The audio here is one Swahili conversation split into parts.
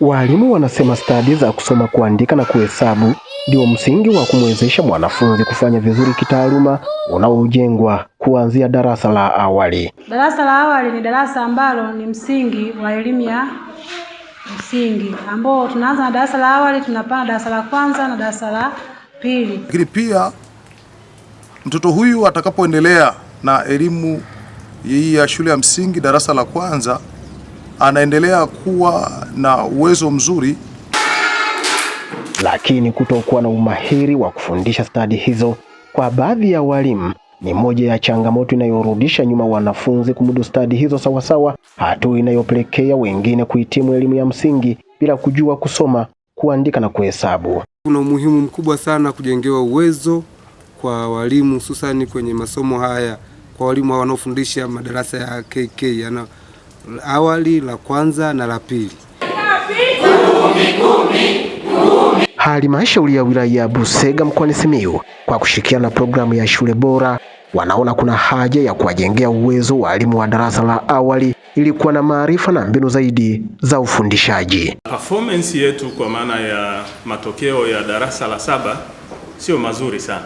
Walimu wanasema stadi za kusoma, kuandika na kuhesabu ndio msingi wa kumwezesha mwanafunzi kufanya vizuri kitaaluma unaojengwa kuanzia darasa la awali. Darasa la awali ni darasa ambalo ni msingi wa elimu ya msingi ambao tunaanza na darasa la awali, tunapanda darasa la kwanza na darasa la pili. Lakini pia mtoto huyu atakapoendelea na elimu hii ya shule ya msingi darasa la kwanza anaendelea kuwa na uwezo mzuri, lakini kutokuwa na umahiri wa kufundisha stadi hizo kwa baadhi ya walimu ni moja ya changamoto inayorudisha nyuma wanafunzi kumudu stadi hizo sawasawa, hatua inayopelekea wengine kuhitimu elimu ya msingi bila kujua kusoma, kuandika na kuhesabu. Kuna umuhimu mkubwa sana kujengewa uwezo kwa walimu, hususani kwenye masomo haya, kwa walimu wanaofundisha madarasa ya KK yana awali la kwanza na la pili. Halmashauri ya wilaya ya Busega mkoani Simiyu kwa kushirikiana na programu ya shule bora wanaona kuna haja ya kuwajengea uwezo walimu wa darasa la awali ili kuwa na maarifa na mbinu zaidi za ufundishaji. Performance yetu kwa maana ya matokeo ya darasa la saba sio mazuri sana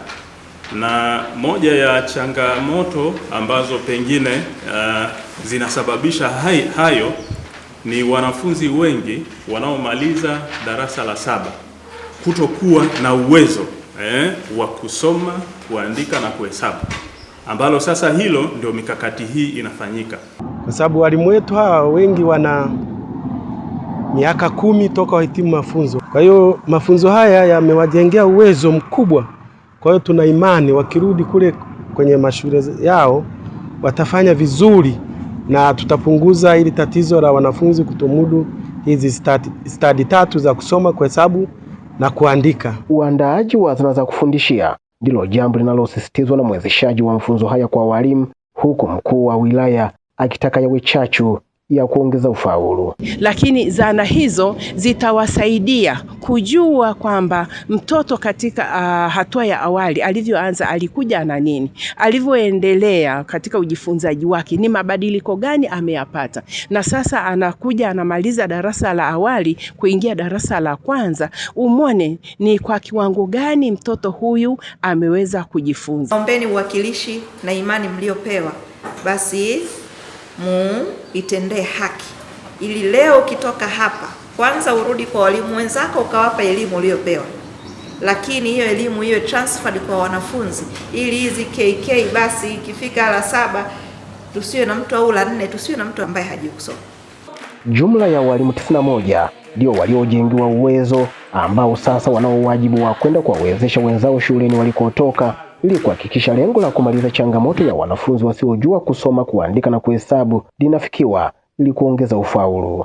na moja ya changamoto ambazo pengine uh, zinasababisha hai, hayo ni wanafunzi wengi wanaomaliza darasa la saba kutokuwa na uwezo eh, wa kusoma, kuandika na kuhesabu, ambalo sasa hilo ndio mikakati hii inafanyika, kwa sababu walimu wetu hawa wengi wana miaka kumi toka wahitimu mafunzo. Kwa hiyo mafunzo haya yamewajengea uwezo mkubwa kwa hiyo tuna imani wakirudi kule kwenye mashule yao watafanya vizuri na tutapunguza ili tatizo la wanafunzi kutomudu hizi stadi, tatu za kusoma, kuhesabu na kuandika. Uandaaji wa zana za kufundishia ndilo jambo linalosisitizwa na mwezeshaji wa mafunzo haya kwa walimu, huku mkuu wa wilaya akitaka yawe chachu ya kuongeza ufaulu. Lakini zana hizo zitawasaidia kujua kwamba mtoto katika uh, hatua ya awali alivyoanza alikuja na nini, alivyoendelea katika ujifunzaji wake, ni mabadiliko gani ameyapata, na sasa anakuja anamaliza darasa la awali kuingia darasa la kwanza, umone ni kwa kiwango gani mtoto huyu ameweza kujifunza. Ombeni uwakilishi na imani mliopewa basi muitendee haki, ili leo ukitoka hapa, kwanza urudi kwa walimu wenzako ukawapa elimu uliyopewa, lakini hiyo elimu hiyo transferred kwa wanafunzi, ili hizi KK basi ikifika la saba tusiwe na mtu au la nne tusiwe na mtu ambaye hajui kusoma. Jumla ya walimu 91 ndio waliojengiwa uwezo ambao sasa wanao wajibu wa kwenda kuwawezesha wenzao shuleni walikotoka ili kuhakikisha lengo la kumaliza changamoto ya wanafunzi wasiojua kusoma, kuandika na kuhesabu linafikiwa ili kuongeza ufaulu.